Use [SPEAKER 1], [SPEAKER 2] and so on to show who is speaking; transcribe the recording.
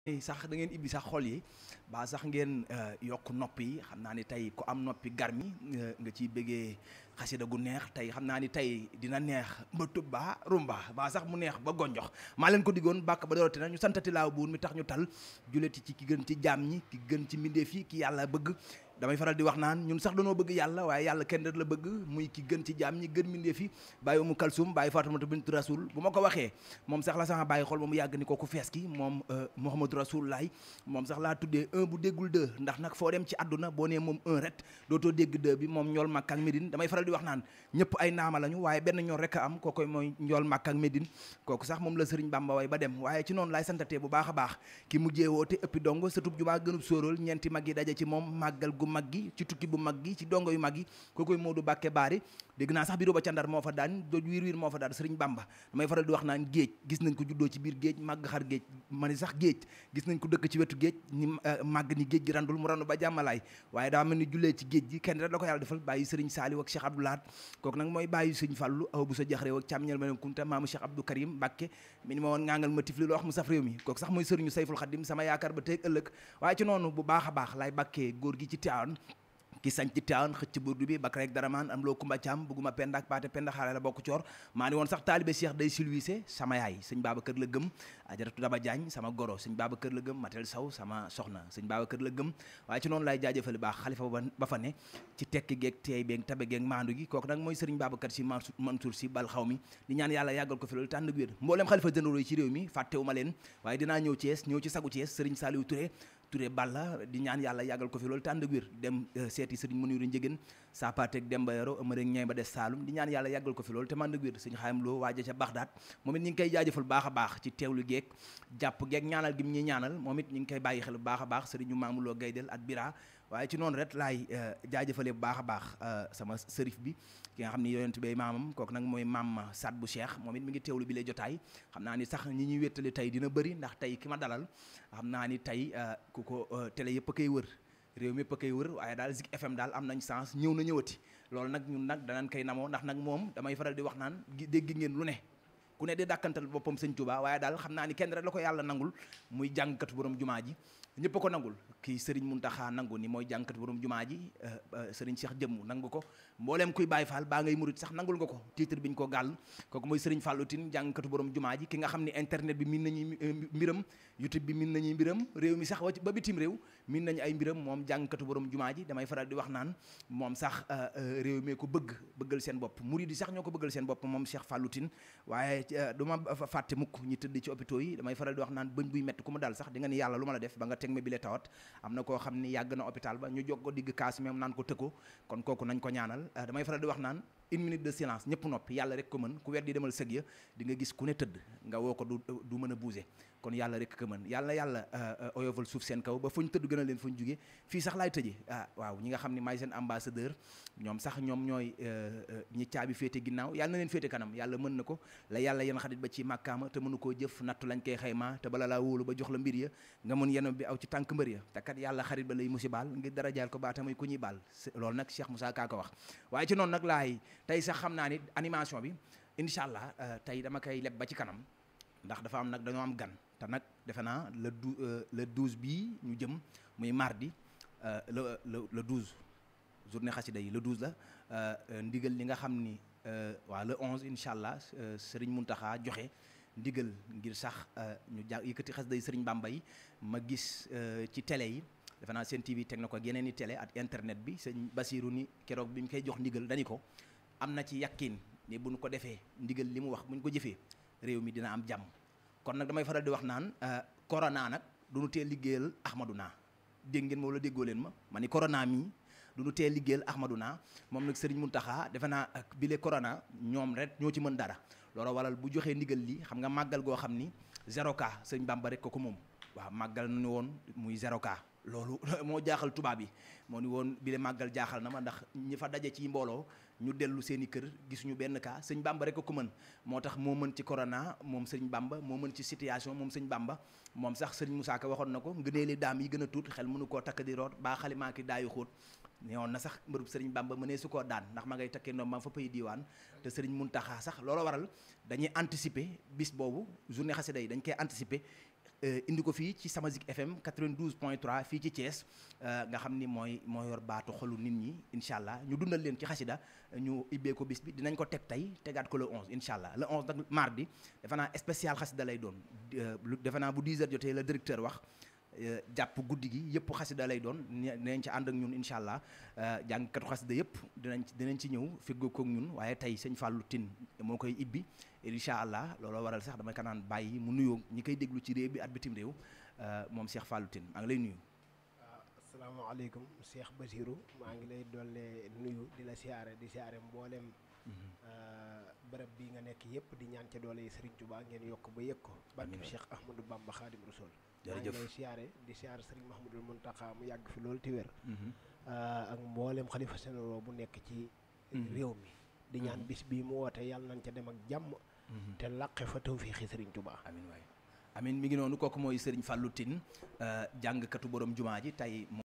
[SPEAKER 1] sax da ngeen ibbi sax xol yi baa sax ngeen euh, yokk nopp yi xam naa ni tey ku am noppi garmi euh, nga ciy bëggee xasida gu neex tey xam naa ni tey dina neex ba tubba rumba ba sax mu neex ba gonjox maa leen ko diggoon bàkk ba dooratina ñu santati laa buun mi tax ñu tal juleti ci ki gën ci jaam ñi ki gën ci mbindeef yi ki yàlla bëgg damay faral di wax naan ñun sax danoo bëgg yàlla waaye yàlla kenn la bëgg muy ki gën ci jaam ñi gën mindee bàyyi umu kalsum bàyyi fatumata bintu rasul bu ma ko waxee moom sax la sama bàyyi xol ba mu yàgg ni ko ku fees ki moom euh, mouhamadou rasul laay moom sax laa tuddee un bu déggul deux ndax nag foo dem ci àdduna boo nee moom un ret dootoo dégg deux bi moom ñool màkk ak médine damay faral di wax naan ñëpp ay naama lañu waaye benn ñool am kookoy mooy ñool màkk ak médine kooku sax moom la sëriñ bamba ba dem waaye ci noonu laay santatee bu baax a baax ki mujjee woote ëppi dongo sëtub jumaa gënub sóoróol ñeenti mag mag gi ci tukki bu mag gi ci dongo yu mag yi kookoy Modou Bakke Baari dégg naa sax biro ba ca moo fa daan doj wiir wiir moo fa daan Sëriñ Bamba damay faral di wax naan géej gis nañ ko juddoo ci biir géej màgg eh, ni géej gi randul mu randu ba jàmmalaay waaye daa mel ni jullee ci géej gi kenn rek la ko yàlla defal bàyyi Sëriñ Saaliw ak Cheikh Abdou Lahad nag mooy bàyyi Sëriñ Fallu aw bu sa jax réew ak càmmiñal kunta maamu Cheikh Abdou Karim Mbàkke a Tivaouane ki sañ ci Tivaouane xëcc burdu bi Bakar ak Daraman am loo Kumba Caam bëgguma Penda ak Paate Penda xaale la la gëm ajaratu Daba Jaañ sama waaye ci noonu laay jaajëfal baax xalifa ba fa ne ci tekki geeg teey beeg tabe geeg maandu gi kooku nag mooy sëriñ Babacar si Mansour si bal xaw mi di ko fi loolu tànn wér mbooleem xalifa généraux yi ci réew mi ñëw Thiès ñëw ci sagu Thiès sëriñ Saliou Touré Touré Balla di ñaan yàlla yàggal ko fi loolu tànd ak wér dem euh, seeti sëriñ Muniru Njëgéen Sapatek Demba Yoro ëmëreeg ñay ba des Saalum di ñaan yàlla yàggal ko fi loolu te mànd ak wér sëñ Xaayam Lo waaja ca Baxdaad moom it ñi ngi koy jaajëfal baax a baax ci teewlu geeg jàpp geeg ñaanal gi mu ñuy ñaanal moom it ñu ngi koy bàyyi xel baax a baax sëriñu Maamuloo Gaydel at Bira waaye ci noonu rek laay euh, jaajëfale bu baax a baax euh, sama sërif bi ki nga xam ni yonent bay maamam kooku nag mooy maam ma Saat bu Cheikh moom it mi ngi teewlu bi lay jotaay xam naa ni sax ñi ñuy wéttali tey dina bëri ndax tey ki ma dalal xam naa ni tey euh, ku ko tele yëpp a wër réew mi yëpp a wër waaye daal Zik FM daal am nañ sens ñëw na ñëwati loolu nag ñun nag danañ koy namoo ndax nag moom damay faral di wax naan dégg ngeen lu ne ku ne di dàkkantal boppam sëñ Touba waaye daal xam naa ni kenn rek la ko yàlla nangul muy jàngkatu borom jumaa ji ñëpp ko nangul kii Serigne Mountakha nangu ni mooy jàngkatu borom jumaa ji euh, euh, Serigne Cheikh Jëmm nangu ko mbooleem kuy Baye Fall baa ngay murit sax nangul nga ko titre biñ ko gàll kooku mooy Serigne Fallou Tine jàngkatu borom jumaa ji ki nga xam ne internet bi min nañuy euh, mbiram YouTube bi min nañuy mbiram réew mi sax ba bitim réew min nañu ay mbiram moom jàngkatu boroom jumaa ji damay faral di wax naan moom sax réew mi ko bëgg bëggal seen bopp murit yi sax ñoo ko bëggal seen bopp moom Cheikh Fallou Euh, du ma fàtte mukk ñi tëdd ci hôpitaux yi damay faral di wax naan bëñ buy métti ku mu dal sax di nga ni yàlla lu ma la def ba nga teg ma bile tawat am na koo xam ni yàgg na hôpital ba ñu jog ko digg kaas même naan ko tëkko kon kooku nañ ko ñaanal euh, damay faral di wax naan une minute de silence ñëpp noppi yàlla rek ko mën ku wet di demal sëg ya di nga gis ku ne tëdd nga woo ko du du mën a bouger kon yàlla rek ko mën yàlla na yàlla euh, euh, oyofal suuf seen kaw ba fuñ tëdd gën a leen fuñ jugee fii sax laay tëjee ah waaw ñi nga xam ne maay seen ambassadeur ñoom sax ñoom ñooy euh, ñi caabi féete ginnaaw yàlla na leen féete kanam yàlla mën na ko la yàlla yéen xarit ba ci màkkaama te mënu koo jëf nattu lañ koy xayma te bala laa wóolu ba jox la mbir ya nga mën yeno bi aw ci tànk mbër ya te kat yàlla xarit ba lay musi baal ngir dara jaal ko baatamuy ku ñuy baal loolu nag Cheikh Moussa Ka ko wax waaye ci noonu tey sax xam naa nit animation bi incha allah euh, tey dama koy leb ba ci kanam ndax dafa am nag dañoo am gan te nag defe naa le du euh, le douze bii ñu jëm muy mardi euh, le le douze journée xasida yi le douze la ndigal li nga xam ni waa le onze incha allah Serigne Mountakha joxe ndigal ngir sax ñu ja yëkkati xasida yi Serigne ba yi ma gis ci télé yi. defe naa seen TV teg na ko ak yeneen i télé ak internet bi sëñ Basiirou ni keroog bi ñu koy jox ndigal dañu ko. am na ci yàqin ni bu ñu ko defee ndigal li mu wax bu ñu ko jëfee réew mi dina am jàmm kon nag damay faral di wax naan euh, corona nag du ñu tee liggéeyal Ahmaduna dégg ngeen ma wala déggoo leen ma ma ni corona mii du nu tee liggéeyal Ahmaduna moom nag sëriñ Serigne Mountakha defe naa ak bile corona ñoom rek ñoo ci mën dara loolu waral bu joxee ndigal li xam nga màggal goo xam ni zéro cas sëñ Bamba rek ko ko moom waa màggal nañu woon muy zéro loolu moo jaaxal tubaab yi moo ni woon bi le màggal jaaxal na ma ndax ñi fa daje ci mbooloo ñu dellu seen i kër gisuñu benn kaa sëñ bamba rek a ko mën moo tax moo mën ci corona moom sëñ bamba moo mën ci situation moom sëñ bamba moom sax sëñ Moussa Ka waxoon na ko nga nee ngëneeli daam yi gën a tuut xel mënu koo takk di root baa xalimaa ki daayu xóot neewoon na sax mbërub sëriñ bamba mënee su koo daan ndax ma ngay takkee ndoom ma fa pay diiwaan te sëriñ taxaa sax loolu waral dañuy anticiper bis boobu journée xasida yi dañ koy anticiper Euh, indi ko fii ci sama Zik FM 92 point 3 fii ci Thiès euh, nga xam ni mooy moo yor baatu xolu nit ñi incha allah ñu dundal leen ci xasida ñu ibbee ko bis bi dinañ ko teg tey tegaat ko le 11 incha allah le 11 nag mardi defanaa naa spécial xasida lay doon euh, lu defe naa bu 10 jotee la directeur wax. Euh, jàpp guddi gi yëpp xasida lay doon dinañ ci ànd ak ñun incha allah euh, jàngkatu xasida yëpp dinañ dinañ ci ñëw feggoo koog ñun waaye tey sëñ Fallou tin moo koy ibbi incha allah looloo waral sax damay kanaan bàyyi mu nuyoo ñi koy déglu ci réew bi at bitim réew euh, moom Cheikh Fallou Tine maa ngi lay nuyu. asalaamaaleykum Cheikh Basirou maa ngi lay dolle nuyu di la siyaare di siyaare mboolem. Mhm. barab bi nga nekk yëpp di ñaan ca doole yi Serigne Touba ngeen yokk ba yëg ko barkeb Cheikh Ahmadou Bamba Khadim Rasoul jërëjëf maa ngi lay siyaare di siyaare Serigne Mahmoudou Mountakha mu yàgg fi loolu ti wér mhm. ah, ak mboolem xalifa généraux bu nekk ci mhm. réew mi di mhm. ñaan bis bi mu woote yàlla nañ ca dem ak jàmm te làqe fa tawfiixi Serigne Touba amiin waay amiin mi ngi noonu kooku mooy Serigne Fallou Tine ah, jàngkatu borom jumaa ji tey